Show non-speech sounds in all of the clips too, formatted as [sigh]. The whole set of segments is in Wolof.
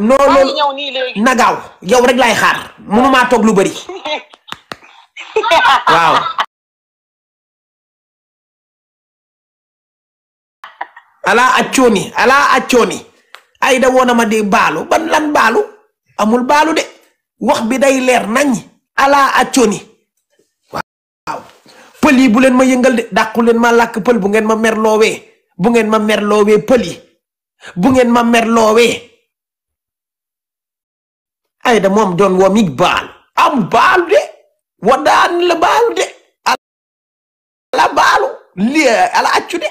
non loolu nagaaw yow rek lay xaar mënumaa toog lu bari [laughs] waaw. ala accooni ala ay da woon na ma di baalu ban lan baalu amul baalu de wax bi day leer nañ ala accooni waaw yi bu leen ma yëngal de dàqu leen ma lakk pël bu ngeen ma mer bu ngeen ma mer loowee pël yi bu ngeen ma merloowee ayda moom doon woo mig baal am baalu de wadaan la baalu de ala baalu li ala accu de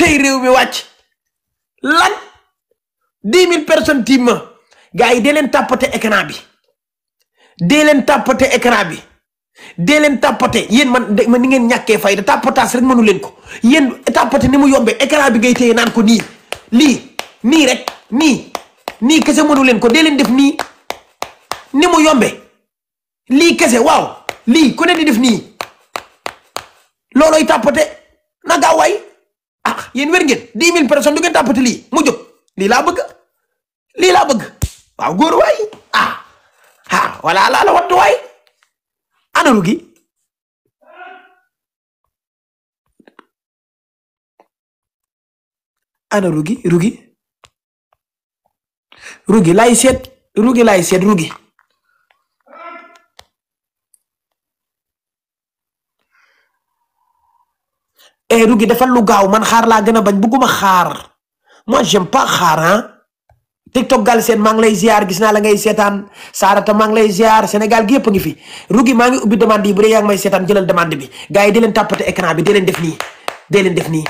tey réew mi wàcc lan dix mille personnes timma gars yi dee leen tàppate écran bi dee leen tàppate écran bi dee leen tàppate yéen man de ni ngeen ñàkkee fay da tàppataas rek mënu leen ko yéen tàppate ni mu yombee écran bi ngay téye naan ko nii lii nii rek nii nii kese mënu leen ko dee leen def nii ni mu yombe lii kese waaw lii ku ne def nii loolooy tàppate na gaaw waay ah yéen wér ngeen dix mille personnes du ngeen lii mu jóg lii laa bëgg lii laa bëgg waaw góor waay ah ah laa la wattu waay gi ana rugi rugi rugi laay seet rugi laay seet rugi eh rugi lu gaaw man xaar laa gën a bañ bugguma xaar moi j'aime pas xaar ah TikTok Galsen maa ngi lay ziar gis naa la ngay seetaan Sarata maa ngi lay ziar Sénégal gi yëpp a ngi fi rugi maa ngi ubbi demande yi bu dee yaa ngi may seetaan jëlal demande bi gars yi di leen bi di def nii di def nii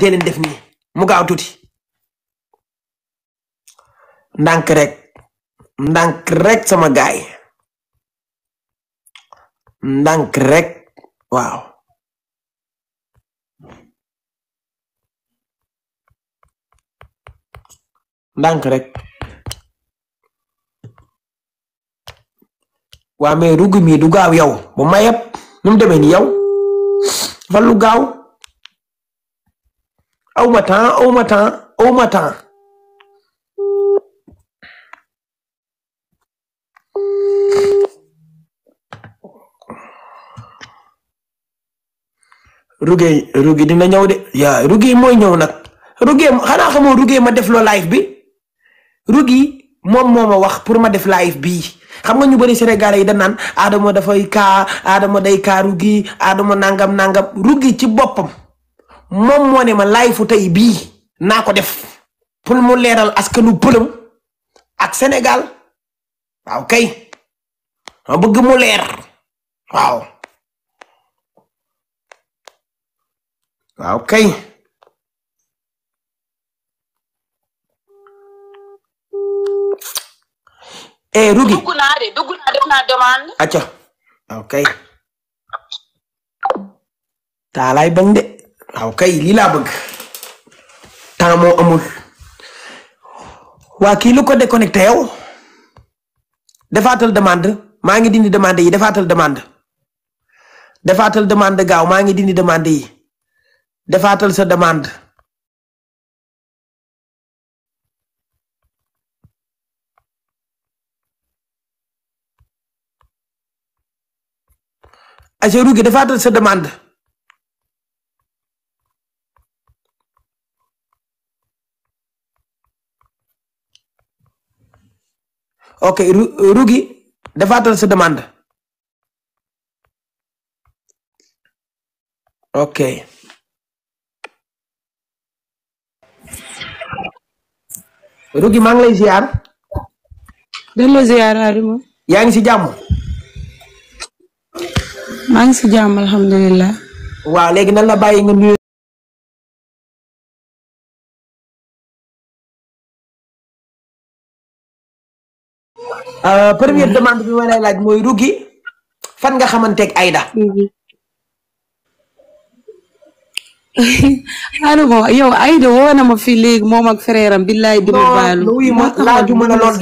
di def nii mu gaaw tuuti. ndànk rek ndànk rek sama gaay ndànk rek waaw ndànk rek waa mais rugg mi du gaaw yow ba ma yëpp demee ni yow fan gaaw aw ma temps aw ma temps Rougué Rougué dina ñëw de yaa Rougué mooy ñëw nag Rougué xanaa xamoo Rougué ma def loo live bi Rougué moom moo a wax pour ma def live bii xam nga ñu bëri senegal yi da naan Adama dafay kaa Adama day kaa Rougué Adama nangam nangam Rougué ci boppam moom moo ne ma live fu tey bii naa ko def pour mu leeral askanu pëlëm ak senegal waaw kay ma bëgg mu leer waaw. waaw kay eh Rugi dugg naa de dugg naa def naa demande acca waaw kay taalaay bañ de waaw kay lii laa bëgg temps moo amul waa kii lu ko déconnecté yow defaatal demande maa ngi dindi demande yi defaatal demande defaatal demande gaaw maa ngi dindi demande yi defaatal sa demande aca ruugi defaatal sa demand ok ruugi defaatal sa demand ok Rougui maa ngi lay ziar. delloo ziar Adama. yaa ngi si jàmm. maa ngi si jàmm alhamdulilah. waaw léegi na la bàyyi nga nuyu. Euh, première mm-hmm. demande bi ma lay laaj mooy Rougui fan nga xamanteeg Aida. Mm-hmm. xaaruma yow Aïda woo na léegi moom ak frère am billaay di ma baalu. moo tax laaju ma la lool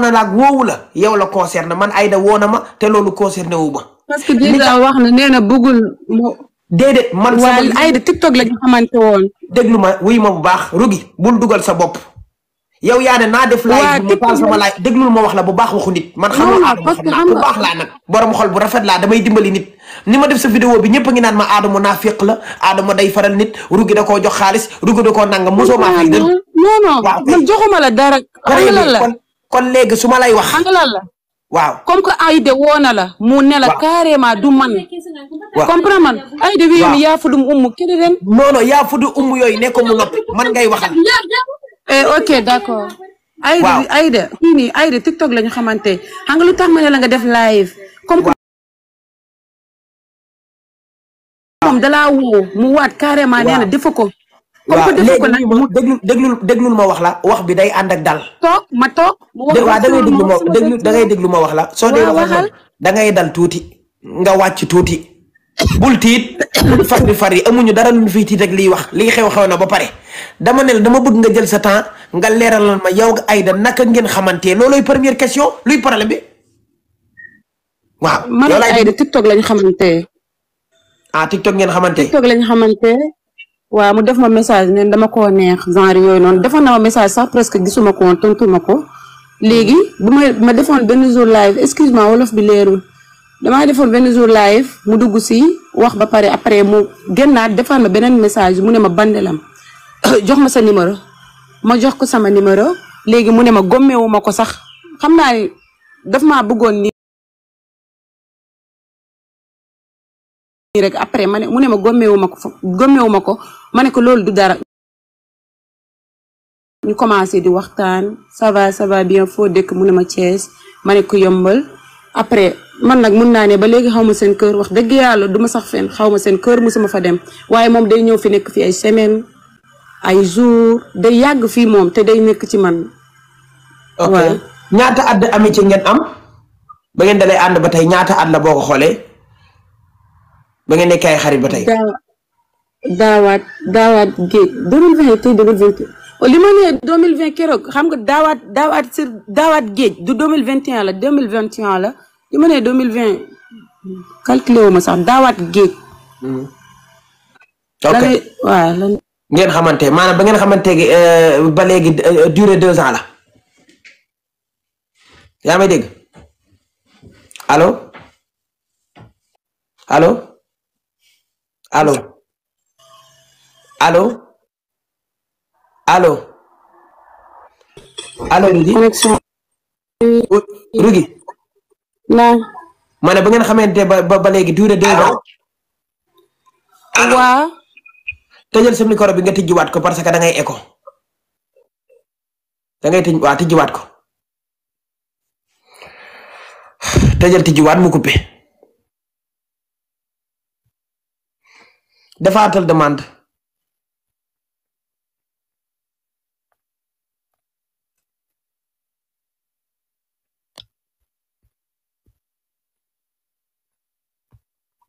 na la ak yow la concerne man ayda woo na ma te loolu concerné wu ma. parce que déjà wax na nee na bëggul mu. déedéet man sama. waaye Aïda la ñu woon. déglu ma wuy ma bu baax rugi bul dugal sa bopp. yow yaa ne naa def. waaw dëgg la sama laaj déglul ma wax la bu baax waxu nit. man xamul Adama bu baax laa nag. borom xol bu rafet laa damay dimbali nit ni ma def sa vidéo bi ñëpp ngi naan ma Adama naafiq la Adama day faral nit ruggi da koo jox xaalis ruggi da koo nangam mosoo maa fay. non non man joxuma la dara. xam nga la kon kon léegi su lay wax. xam nga la waaw comme que Aïda woo na la. mu ne la carrément du man. waaw comprendre man. waaw Aïda wi yow yaa fuddum ummu keneen. non non yaa fuddum ummu yooyu nekkoon mu noppi man ngay waxal Eh, ok d'accord. waaw Aïda Aïda kii nii xamante xam nga lu tax ma ne la nga def live. comme que moom dalaa woo mu waat carrément. nee na defu ma wax la wax bi day ànd ak dal. toog ma toog. waaw da ngay déglu ma déglu ma wax la. soo dee waxal da ngay dal tuuti nga wàcc tuuti. bul tiit bul fari fari amuñu dara lu ñu fiy tiit ak liy wax li xew xew na ba pare dama ne dama bëgg nga jël sa temps nga leeralal ma yow Aida naka ngeen xamante loolooy première question luy problème bi waaw. man Aida TikTok lañ xamante. ah TikTok ngeen xamante. TikTok lañ xamante. waaw mu def ma message neen dama ko neex genre yooyu noonu defoon na message sax presque gisuma ko woon tontu ma ko léegi bu ma ma defoon benn jour live excuse-moi wolof bi leerul. damaa defoon benn jour live mu dugg si wax ba pare après mu génnaat defar ma beneen message mu ne ma bandelam [coughs] jox ma sa numéro ma jox ko sama numéro léegi mu ne ma gommewu ko sax xam naa ne daf maa bëggoon ni rek après ma ne mu ne ma gommewu ma ko gommewu ma ko ma ne ko loolu du dara ñu commencé di waxtaan ça va ça bien foo dëkk mu ne ma Thiès ma ne ko yombal après man nag mun naa ne ba léegi xaw ma seen kër wax dëgg yàlla du sax fen xaw ma seen kër musuma fa dem waaye moom day ñëw fi nekk fi ay semaine ay jour day yàgg fii moom te day nekk ci man. ok ñaata at de amitié ngeen am ba ngeen dalee ànd ba tey ñaata at boo ko xoolee ba ngeen nekkee ay xarit ba tey. daawaat daawaat géej 2020 tey 2021 ma nee 2020 keroog xam nga daawaat daawaat sur daawaat géej du 2021 vingt 2021 la. bi ma nee deux mille vingt calculé ma sax daawaat géej. Hmm. ok waaw ngeen xamante maana ba ngeen xamante euh, ba léegi euh, durée deux ans la yaa may dégg allo allo allo allo allo allo Rugi. naam. ma ne ba ngeen xamante ba ba léegi durée deux ans. allo waaw. tëjal sa micro bi nga tijjiwaat ko parce que da ngay écho da ngay tij waa tijjiwaat ko tëjal tijjiwaat mu coupé defaatal demande.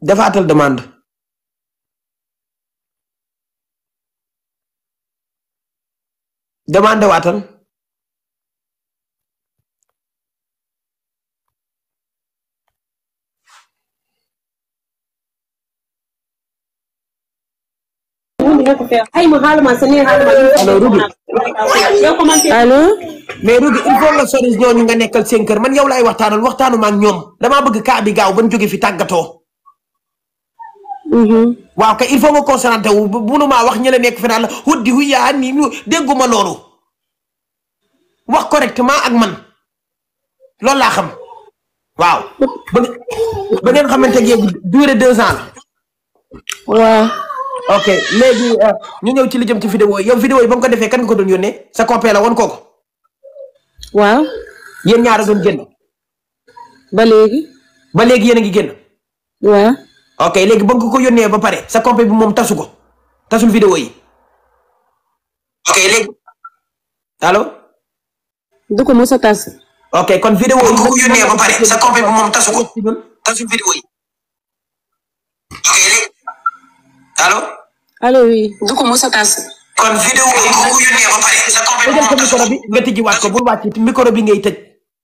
defaatal demande demande waatal allo mais Rugi il faut nga sori ñooñu nga nekkal seen kër man yow laay waxtaanal waxtaanu ma ñoom damaa bëgg kaa bi gaaw ban jóge fi tàggatoo Mm-hmm. waaw kay il faut nga concentré wu maa wax ñële nekk fi naan la huddi hu yaa ni dégguma loolu wax correctement ak man loolu laa xam waaw ba ngeen xamante ne durée deux ans la. waaw. ok léegi euh, ñu ñëw ci li jëm ci vidéo yi yow vidéo yi ba nga ko defee kan nga ko doon yónnee sa copain la woon kooku. waaw. yéen ñaara doon génn. ba léegi. ba léegi yéen a ngi génn. waaw. ok léegi ba nga ko yónnee ba pare sa compte bi moom tasu ko tasul vidéo yi ok léegi allo. du ko mos a tas. kon vidéo ba pare sa compte bi moom tasu ko tasul vidéo yi ko mos a kon vidéo yi nga bi tasu ko nga tijjiwaat ko bul ngay tëj.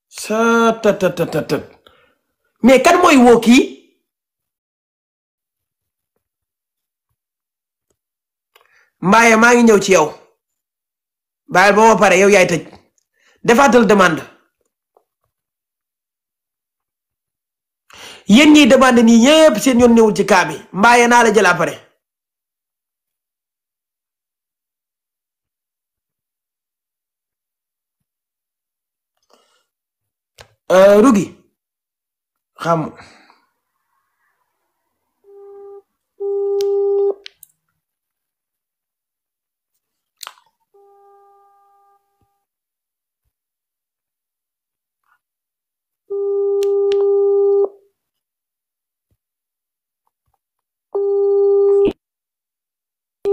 sa tët tët tët mais kan mooy woo mbaaye maa ngi ñëw ci yow bàyyil ba ma pare yow yaay tëj defaatal demande yéen ñi demande nii yépp seen yoon newul ci kaa bi mbaaye naa la jël après euh, rugi xam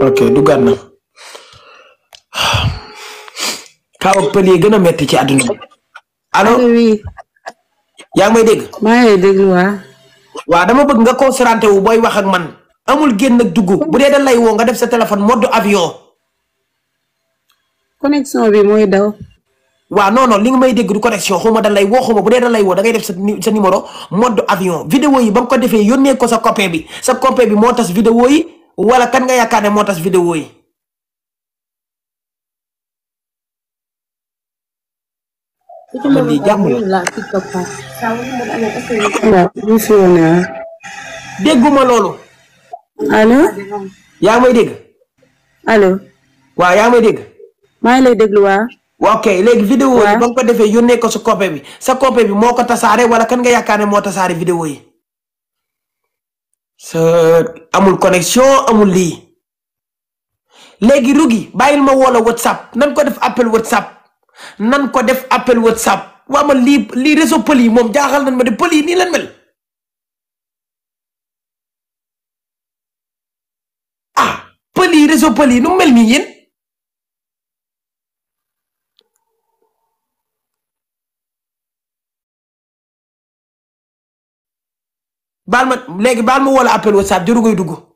ok duggaat na kaw ak gën a metti ci àdduna bi allo yaa may dégg. maa dégg waa. dama bëgg nga concentré wu booy wax man amul génn ak duggu bu dee da lay woo nga def sa téléphone mode avion. connexion mooy daw. waaw li nga may dégg du connexion xuma da lay woo xuma bu dee da lay woo da ngay def sa sa numéro mode avion vidéo yi ba ko defee yónnee ko sa copain bi sa copain bi moo tas vidéo yi. wala kan nga yaakaar ne moo tas vidéo yi man lii jàmm la ah. dégguma loolu allo yaa ngi may dégg allo waaw yaa ngi may dégg maa ngi lay déglu waa ok léegi vidéo yi ba nga ko defee yónnee ko sa coppe bi sa coppe bi moo ko tasaare wala kan nga yaakaar ne moo tasaare vidéo yi amul connexion amul lii léegi rugi bàyyil ma woola whatsapp nan ko def appel whatsapp nan ko def appel whatsapp waa ma lii lii réseau pël yi moom jaaxal nan ma def pël yi nii lan mel ah pël yi réseau yi nu mel mi yéen baal ma léegi baal ma wala appel WhatsApp jëru ngay dugg.